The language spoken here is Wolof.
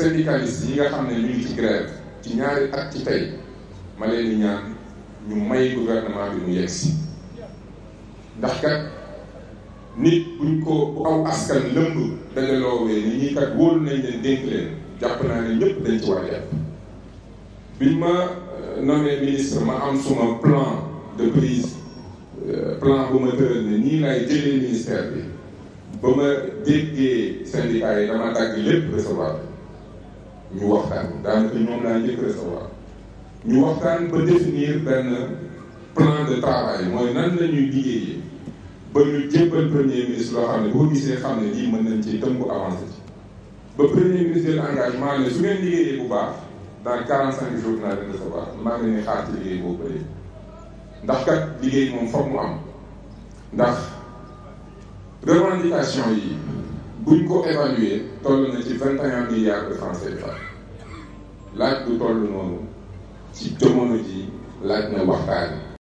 syndicalistes yi nga xam ne ñu ngi ci ñaari at ci tey ma leen di ñaan ñu may gouvernement bi mu yegg si ndax kat nit buñ ko bu aw askan lëmb dajaloowee ni ñii kat wóolu nañ leen dénk leen jàpp naa ne ñëpp dañ ci war a jàpp ma euh, nommé ministre ma am suma plan de prise euh, plan bu ma tëral ne nii laay jëlee ministère bi ba ma déggee syndicat yi dama dagg lépp recevoir ñu waxtaan daanaka ñoom laa njëkk ñu waxtaan ba définir benn plan de travail mooy nan la liggéeyee ba ñu jébbal premier ministre loo xam ne boo gisee xam ne lii mën nañ ci tënku avancé ci ba premier ministre engagement ne su ngeen liggéeyee bu baax dans quarante cinq jours naa leen recevoir maa ngi leen xaar ci liggéey boobu ba ndax kat liggéey moom foog mu am ndax revendication yi buñ ko évaluer toll na ci vingt et un milliards de francs CFA laaj bu toll noonu ci jamono ji laaj na waxtaan